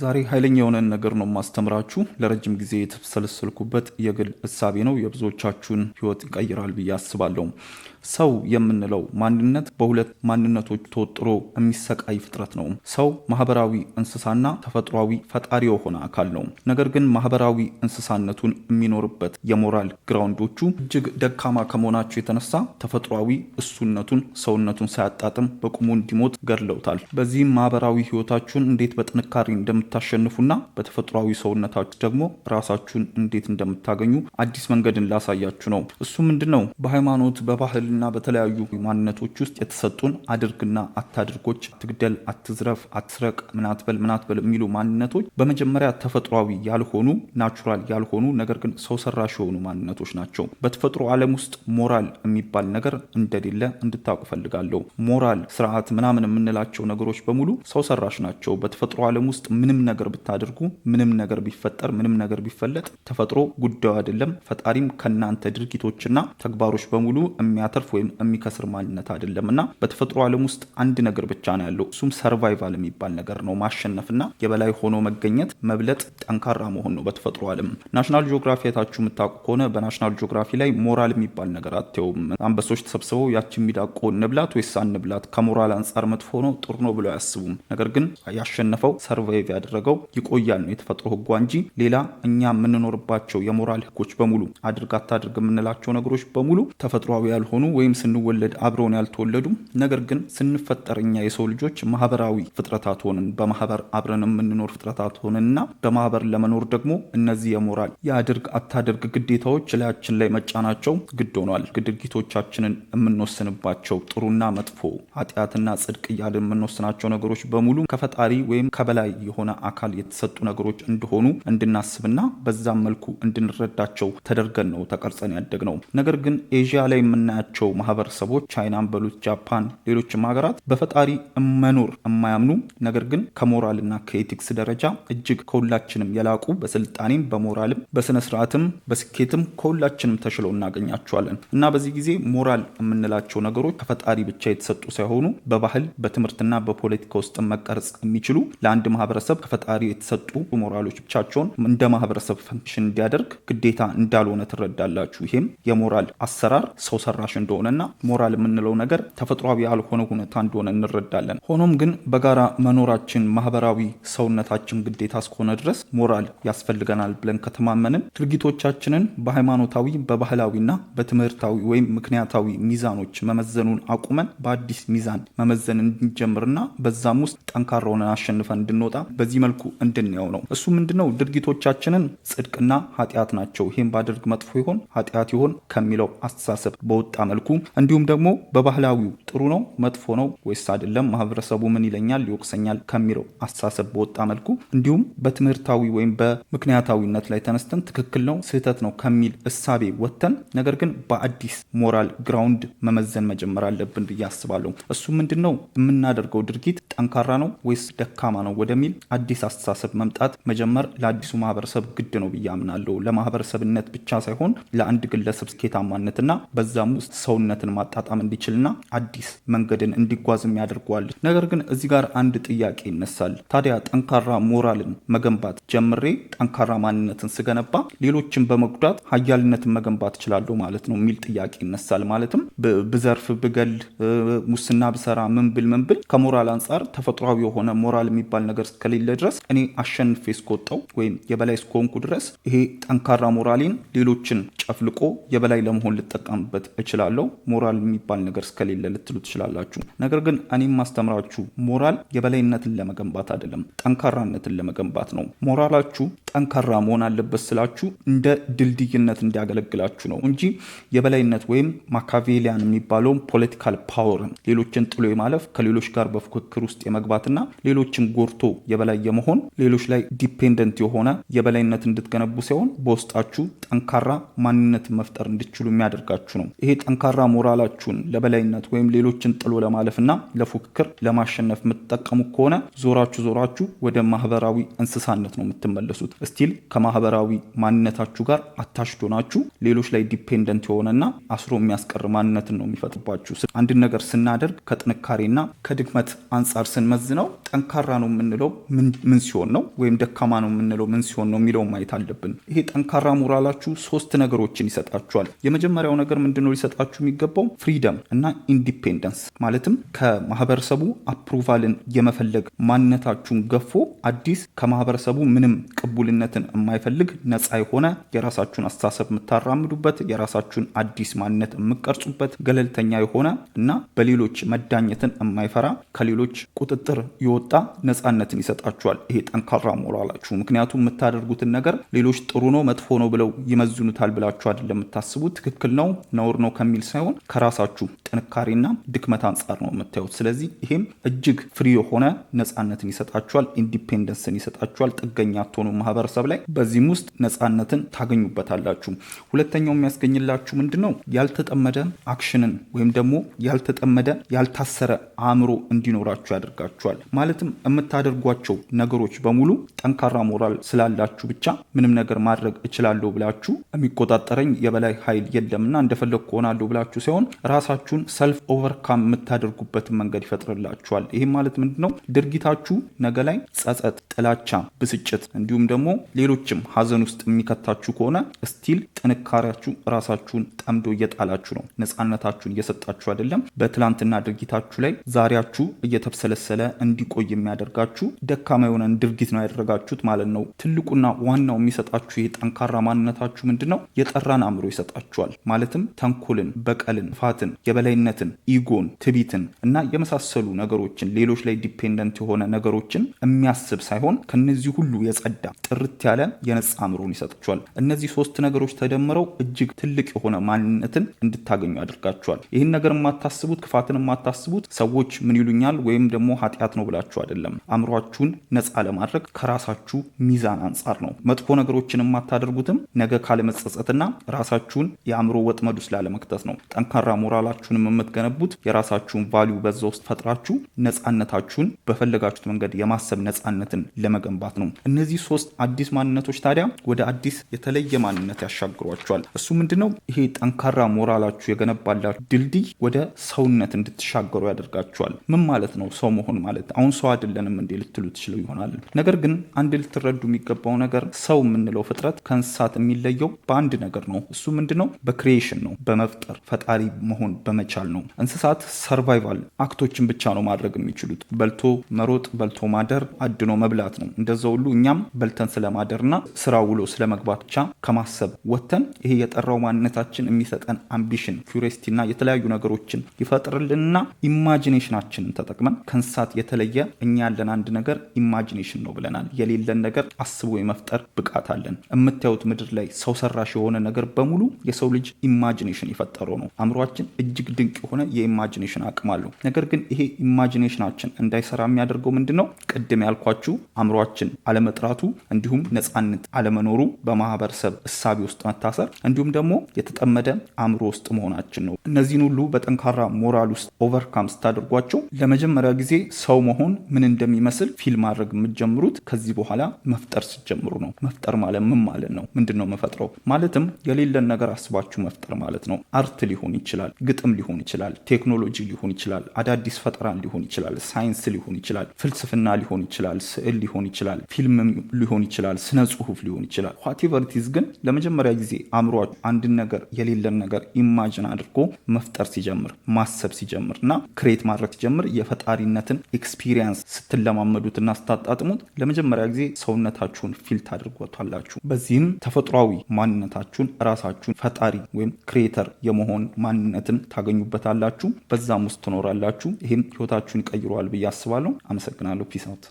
ዛሬ ኃይለኛ የሆነን ነገር ነው የማስተምራችሁ። ለረጅም ጊዜ የተሰለሰልኩበት የግል እሳቤ ነው። የብዙዎቻችሁን ህይወት ይቀይራል ብዬ አስባለሁ። ሰው የምንለው ማንነት በሁለት ማንነቶች ተወጥሮ የሚሰቃይ ፍጥረት ነው። ሰው ማህበራዊ እንስሳና ተፈጥሯዊ ፈጣሪ የሆነ አካል ነው። ነገር ግን ማህበራዊ እንስሳነቱን የሚኖርበት የሞራል ግራውንዶቹ እጅግ ደካማ ከመሆናቸው የተነሳ ተፈጥሯዊ እሱነቱን ሰውነቱን ሳያጣጥም በቁሙ እንዲሞት ገድለውታል። በዚህም ማህበራዊ ህይወታችሁን እንዴት በጥንካሬ እንደምታሸንፉና በተፈጥሯዊ ሰውነታችሁ ደግሞ ራሳችሁን እንዴት እንደምታገኙ አዲስ መንገድን ላሳያችሁ ነው። እሱ ምንድን ነው? በሃይማኖት በባህል በክልልና በተለያዩ ማንነቶች ውስጥ የተሰጡን አድርግና አታድርጎች፣ አትግደል፣ አትዝረፍ፣ አትስረቅ፣ ምናትበል ምናትበል የሚሉ ማንነቶች በመጀመሪያ ተፈጥሯዊ ያልሆኑ ናቹራል ያልሆኑ ነገር ግን ሰው ሰራሽ የሆኑ ማንነቶች ናቸው። በተፈጥሮ ዓለም ውስጥ ሞራል የሚባል ነገር እንደሌለ እንድታውቅ ፈልጋለሁ። ሞራል፣ ስርዓት ምናምን የምንላቸው ነገሮች በሙሉ ሰው ሰራሽ ናቸው። በተፈጥሮ ዓለም ውስጥ ምንም ነገር ብታደርጉ፣ ምንም ነገር ቢፈጠር፣ ምንም ነገር ቢፈለጥ ተፈጥሮ ጉዳዩ አይደለም። ፈጣሪም ከእናንተ ድርጊቶችና ተግባሮች በሙሉ የሚያተ የሚያተርፍ ወይም የሚከስር ማንነት አይደለም እና በተፈጥሮ ዓለም ውስጥ አንድ ነገር ብቻ ነው ያለው። እሱም ሰርቫይቫል የሚባል ነገር ነው። ማሸነፍና የበላይ ሆኖ መገኘት፣ መብለጥ፣ ጠንካራ መሆን ነው በተፈጥሮ ዓለም። ናሽናል ጂኦግራፊ የታችሁ የምታውቁ ከሆነ በናሽናል ጂኦግራፊ ላይ ሞራል የሚባል ነገር አትውም። አንበሶች ተሰብስበው ያችን ሚዳቆ እንብላት ወይስ አንብላት ከሞራል አንጻር መጥፎ ነው ጥሩ ነው ብለው አያስቡም። ነገር ግን ያሸነፈው ሰርቫይቭ ያደረገው ይቆያል ነው የተፈጥሮ ህጓ እንጂ ሌላ እኛ የምንኖርባቸው የሞራል ህጎች በሙሉ አድርግ አታድርግ የምንላቸው ነገሮች በሙሉ ተፈጥሯዊ ያልሆኑ ወይም ስንወለድ አብረውን ያልተወለዱም ነገር ግን ስንፈጠር እኛ የሰው ልጆች ማህበራዊ ፍጥረታት ሆንን። በማህበር አብረን የምንኖር ፍጥረታት ሆንንና በማህበር ለመኖር ደግሞ እነዚህ የሞራል የአድርግ አታድርግ ግዴታዎች ላያችን ላይ መጫናቸው ግድ ሆኗል። ድርጊቶቻችንን የምንወስንባቸው ጥሩና መጥፎ፣ ኃጢአትና ጽድቅ እያልን የምንወስናቸው ነገሮች በሙሉ ከፈጣሪ ወይም ከበላይ የሆነ አካል የተሰጡ ነገሮች እንደሆኑ እንድናስብና በዛም መልኩ እንድንረዳቸው ተደርገን ነው ተቀርጸን ያደግ ነው። ነገር ግን ኤዥያ ላይ የምናያቸው ያላቸው ማህበረሰቦች ቻይናን በሉት ጃፓን፣ ሌሎችም ሀገራት በፈጣሪ መኖር የማያምኑ ነገር ግን ከሞራልና ከኤቲክስ ደረጃ እጅግ ከሁላችንም የላቁ በስልጣኔም በሞራልም በስነስርዓትም በስኬትም ከሁላችንም ተሽለው እናገኛቸዋለን እና በዚህ ጊዜ ሞራል የምንላቸው ነገሮች ከፈጣሪ ብቻ የተሰጡ ሳይሆኑ በባህል በትምህርትና በፖለቲካ ውስጥ መቀረጽ የሚችሉ ለአንድ ማህበረሰብ ከፈጣሪ የተሰጡ ሞራሎች ብቻቸውን እንደ ማህበረሰብ ፈንክሽን እንዲያደርግ ግዴታ እንዳልሆነ ትረዳላችሁ። ይሄም የሞራል አሰራር ሰው ሰራሽ እንደሆነና ሞራል የምንለው ነገር ተፈጥሯዊ ያልሆነ ሁኔታ እንደሆነ እንረዳለን። ሆኖም ግን በጋራ መኖራችን ማህበራዊ ሰውነታችን ግዴታ እስከሆነ ድረስ ሞራል ያስፈልገናል ብለን ከተማመንን ድርጊቶቻችንን በሃይማኖታዊ በባህላዊና በትምህርታዊ ወይም ምክንያታዊ ሚዛኖች መመዘኑን አቁመን በአዲስ ሚዛን መመዘን እንጀምርና በዛም ውስጥ ጠንካራ ሆነን አሸንፈን እንድንወጣ በዚህ መልኩ እንድንየው ነው። እሱ ምንድነው? ድርጊቶቻችንን ጽድቅና ኃጢአት ናቸው፣ ይህም ባደርግ መጥፎ ይሆን ኃጢአት ይሆን ከሚለው አስተሳሰብ በወጣ መልኩ መልኩ እንዲሁም ደግሞ በባህላዊው ጥሩ ነው መጥፎ ነው ወይስ አይደለም፣ ማህበረሰቡ ምን ይለኛል ይወቅሰኛል ከሚለው አስተሳሰብ በወጣ መልኩ እንዲሁም በትምህርታዊ ወይም በምክንያታዊነት ላይ ተነስተን ትክክል ነው ስህተት ነው ከሚል እሳቤ ወጥተን ነገር ግን በአዲስ ሞራል ግራውንድ መመዘን መጀመር አለብን ብዬ አስባለሁ። እሱ ምንድን ነው የምናደርገው ድርጊት ጠንካራ ነው ወይስ ደካማ ነው ወደሚል አዲስ አስተሳሰብ መምጣት መጀመር ለአዲሱ ማህበረሰብ ግድ ነው ብዬ አምናለሁ። ለማህበረሰብነት ብቻ ሳይሆን ለአንድ ግለሰብ ስኬታማነትና በዛም ውስጥ ሰውነትን ማጣጣም እንዲችልና አዲስ መንገድን እንዲጓዝም ያደርገዋል። ነገር ግን እዚህ ጋር አንድ ጥያቄ ይነሳል። ታዲያ ጠንካራ ሞራልን መገንባት ጀምሬ ጠንካራ ማንነትን ስገነባ ሌሎችን በመጉዳት ሀያልነትን መገንባት እችላለሁ ማለት ነው የሚል ጥያቄ ይነሳል። ማለትም ብዘርፍ፣ ብገል፣ ሙስና ብሰራ፣ ምንብል ምንብል ከሞራል አንጻር ተፈጥሯዊ የሆነ ሞራል የሚባል ነገር እስከሌለ ድረስ እኔ አሸንፌ እስከወጣው ወይም የበላይ እስከሆንኩ ድረስ ይሄ ጠንካራ ሞራሌን ሌሎችን ጨፍልቆ የበላይ ለመሆን ልጠቀምበት እችላለሁ ካለው ሞራል የሚባል ነገር እስከሌለ ልትሉ ትችላላችሁ። ነገር ግን እኔም ማስተምራችሁ ሞራል የበላይነትን ለመገንባት አይደለም፣ ጠንካራነትን ለመገንባት ነው። ሞራላችሁ ጠንካራ መሆን አለበት ስላችሁ እንደ ድልድይነት እንዲያገለግላችሁ ነው እንጂ የበላይነት ወይም ማካቬሊያን የሚባለውን ፖለቲካል ፓወር ሌሎችን ጥሎ የማለፍ ከሌሎች ጋር በፉክክር ውስጥ የመግባትና ሌሎችን ጎርቶ የበላይ የመሆን ሌሎች ላይ ዲፔንደንት የሆነ የበላይነት እንድትገነቡ ሳይሆን በውስጣችሁ ጠንካራ ማንነትን መፍጠር እንድችሉ የሚያደርጋችሁ ነው። ይሄ ጠንካራ ሞራላችሁን ለበላይነት ወይም ሌሎችን ጥሎ ለማለፍና ለፉክክር ለማሸነፍ የምትጠቀሙ ከሆነ ዞራችሁ ዞራችሁ ወደ ማህበራዊ እንስሳነት ነው የምትመለሱት። ስቲል ከማህበራዊ ማንነታችሁ ጋር አታሽዶ ናችሁ። ሌሎች ላይ ዲፔንደንት የሆነና አስሮ የሚያስቀር ማንነትን ነው የሚፈጥባችሁ። አንድን ነገር ስናደርግ ከጥንካሬና ከድክመት አንጻር ስንመዝ ነው ጠንካራ ነው የምንለው ምን ሲሆን ነው ወይም ደካማ ነው የምንለው ምን ሲሆን ነው የሚለው ማየት አለብን። ይሄ ጠንካራ ሞራላችሁ ሶስት ነገሮችን ይሰጣችኋል። የመጀመሪያው ነገር ምንድነው ሊሰጣችሁ የሚገባው ፍሪደም እና ኢንዲፔንደንስ ማለትም ከማህበረሰቡ አፕሩቫልን የመፈለግ ማንነታችሁን ገፎ አዲስ ከማህበረሰቡ ምንም ቅቡልነትን የማይፈልግ ነፃ የሆነ የራሳችሁን አስተሳሰብ የምታራምዱበት የራሳችሁን አዲስ ማንነት የምቀርጹበት ገለልተኛ የሆነ እና በሌሎች መዳኘትን የማይፈራ ከሌሎች ቁጥጥር የወ ወጣ ነፃነትን ይሰጣችኋል። ይሄ ጠንካራ ሞራላችሁ። ምክንያቱም የምታደርጉትን ነገር ሌሎች ጥሩ ነው መጥፎ ነው ብለው ይመዝኑታል ብላችሁ አይደለም የምታስቡት። ትክክል ነው ነውር ነው ከሚል ሳይሆን ከራሳችሁ ጥንካሬና ድክመት አንጻር ነው የምታዩት። ስለዚህ ይሄም እጅግ ፍሪ የሆነ ነፃነትን ይሰጣችኋል፣ ኢንዲፔንደንስን ይሰጣችኋል። ጥገኛ አትሆኑ ማህበረሰብ ላይ። በዚህም ውስጥ ነፃነትን ታገኙበታላችሁ። ሁለተኛው የሚያስገኝላችሁ ምንድን ነው? ያልተጠመደ አክሽንን ወይም ደግሞ ያልተጠመደ ያልታሰረ አእምሮ እንዲኖራችሁ ያደርጋችኋል ማለት ማለትም የምታደርጓቸው ነገሮች በሙሉ ጠንካራ ሞራል ስላላችሁ ብቻ ምንም ነገር ማድረግ እችላለሁ ብላችሁ የሚቆጣጠረኝ የበላይ ኃይል የለምና እንደፈለግ ከሆናለሁ ብላችሁ ሳይሆን ራሳችሁን ሰልፍ ኦቨርካም የምታደርጉበትን መንገድ ይፈጥርላችኋል። ይህም ማለት ምንድነው ድርጊታችሁ ነገ ላይ ጸጸት፣ ጥላቻ፣ ብስጭት እንዲሁም ደግሞ ሌሎችም ሀዘን ውስጥ የሚከታችሁ ከሆነ ስቲል ጥንካሬያችሁ ራሳችሁን ጠምዶ እየጣላችሁ ነው። ነፃነታችሁን እየሰጣችሁ አይደለም። በትላንትና ድርጊታችሁ ላይ ዛሬያችሁ እየተብሰለሰለ እንዲቆ እንድትቆይ የሚያደርጋችሁ ደካማ የሆነን ድርጊት ነው ያደረጋችሁት ማለት ነው። ትልቁና ዋናው የሚሰጣችሁ ይህ ጠንካራ ማንነታችሁ ምንድን ነው? የጠራን አእምሮ ይሰጣችኋል። ማለትም ተንኮልን፣ በቀልን፣ ፋትን፣ የበላይነትን፣ ኢጎን፣ ትቢትን እና የመሳሰሉ ነገሮችን ሌሎች ላይ ዲፔንደንት የሆነ ነገሮችን የሚያስብ ሳይሆን ከነዚህ ሁሉ የጸዳ ጥርት ያለ የነጻ አእምሮን ይሰጣችኋል። እነዚህ ሶስት ነገሮች ተደምረው እጅግ ትልቅ የሆነ ማንነትን እንድታገኙ ያደርጋችኋል። ይህን ነገር የማታስቡት ክፋትን የማታስቡት ሰዎች ምን ይሉኛል ወይም ደግሞ ኃጢአት ነው ብላችሁ እያላችሁ አይደለም። አእምሯችሁን ነፃ ለማድረግ ከራሳችሁ ሚዛን አንጻር ነው። መጥፎ ነገሮችን የማታደርጉትም ነገ ካለመጸጸትና ራሳችሁን የአእምሮ ወጥመድ ውስጥ ላለመክተት ነው። ጠንካራ ሞራላችሁንም የምትገነቡት የራሳችሁን ቫሊዩ በዛ ውስጥ ፈጥራችሁ ነፃነታችሁን በፈለጋችሁት መንገድ የማሰብ ነፃነትን ለመገንባት ነው። እነዚህ ሶስት አዲስ ማንነቶች ታዲያ ወደ አዲስ የተለየ ማንነት ያሻግሯቸዋል። እሱ ምንድነው? ይሄ ጠንካራ ሞራላችሁ የገነባላችሁ ድልድይ ወደ ሰውነት እንድትሻገሩ ያደርጋቸዋል። ምን ማለት ነው? ሰው መሆን ማለት አሁን ሰው አይደለንም እንዴ ልትሉ ትችሉ ይሆናል። ነገር ግን አንድ ልትረዱ የሚገባው ነገር ሰው የምንለው ፍጥረት ከእንስሳት የሚለየው በአንድ ነገር ነው። እሱ ምንድ ነው? በክሪኤሽን ነው፣ በመፍጠር ፈጣሪ መሆን በመቻል ነው። እንስሳት ሰርቫይቫል አክቶችን ብቻ ነው ማድረግ የሚችሉት። በልቶ መሮጥ፣ በልቶ ማደር፣ አድኖ መብላት ነው። እንደዛ ሁሉ እኛም በልተን ስለማደርና ስራ ውሎ ስለመግባት ብቻ ከማሰብ ወጥተን ይሄ የጠራው ማንነታችን የሚሰጠን አምቢሽን ኪሪዮሲቲና የተለያዩ ነገሮችን ይፈጥርልንና ኢማጂኔሽናችንን ተጠቅመን ከእንስሳት የተለየ የተለየ እኛ ያለን አንድ ነገር ኢማጂኔሽን ነው ብለናል። የሌለን ነገር አስቦ የመፍጠር ብቃት አለን። የምታዩት ምድር ላይ ሰው ሰራሽ የሆነ ነገር በሙሉ የሰው ልጅ ኢማጂኔሽን የፈጠረው ነው። አእምሯችን እጅግ ድንቅ የሆነ የኢማጂኔሽን አቅም አለው። ነገር ግን ይሄ ኢማጂኔሽናችን እንዳይሰራ የሚያደርገው ምንድን ነው? ቅድም ያልኳችሁ አእምሯችን አለመጥራቱ፣ እንዲሁም ነፃነት አለመኖሩ፣ በማህበረሰብ እሳቤ ውስጥ መታሰር፣ እንዲሁም ደግሞ የተጠመደ አእምሮ ውስጥ መሆናችን ነው። እነዚህን ሁሉ በጠንካራ ሞራል ውስጥ ኦቨርካም ስታደርጓቸው ለመጀመሪያ ጊዜ ሰው መሆን ሳይሆን ምን እንደሚመስል ፊልም ማድረግ የምትጀምሩት ከዚህ በኋላ መፍጠር ስትጀምሩ ነው። መፍጠር ማለት ምን ማለት ነው? ምንድን ነው መፈጥረው? ማለትም የሌለን ነገር አስባችሁ መፍጠር ማለት ነው። አርት ሊሆን ይችላል፣ ግጥም ሊሆን ይችላል፣ ቴክኖሎጂ ሊሆን ይችላል፣ አዳዲስ ፈጠራን ሊሆን ይችላል፣ ሳይንስ ሊሆን ይችላል፣ ፍልስፍና ሊሆን ይችላል፣ ስዕል ሊሆን ይችላል፣ ፊልም ሊሆን ይችላል፣ ስነ ጽሁፍ ሊሆን ይችላል። ኳቲቨርቲዝ ግን ለመጀመሪያ ጊዜ አእምሯችሁ አንድን ነገር የሌለን ነገር ኢማጅን አድርጎ መፍጠር ሲጀምር ማሰብ ሲጀምር እና ክሬት ማድረግ ሲጀምር የፈጣሪነትን ኤክስፒሪ ኤክስፒሪየንስ ስትለማመዱትና ስታጣጥሙት ለመጀመሪያ ጊዜ ሰውነታችሁን ፊል ታደርጓታላችሁ። በዚህም ተፈጥሯዊ ማንነታችሁን ራሳችሁን ፈጣሪ ወይም ክሬተር የመሆን ማንነትን ታገኙበታላችሁ። በዛም ውስጥ ትኖራላችሁ። ይህም ህይወታችሁን ይቀይረዋል ብዬ አስባለሁ። አመሰግናለሁ። ፒስ አውት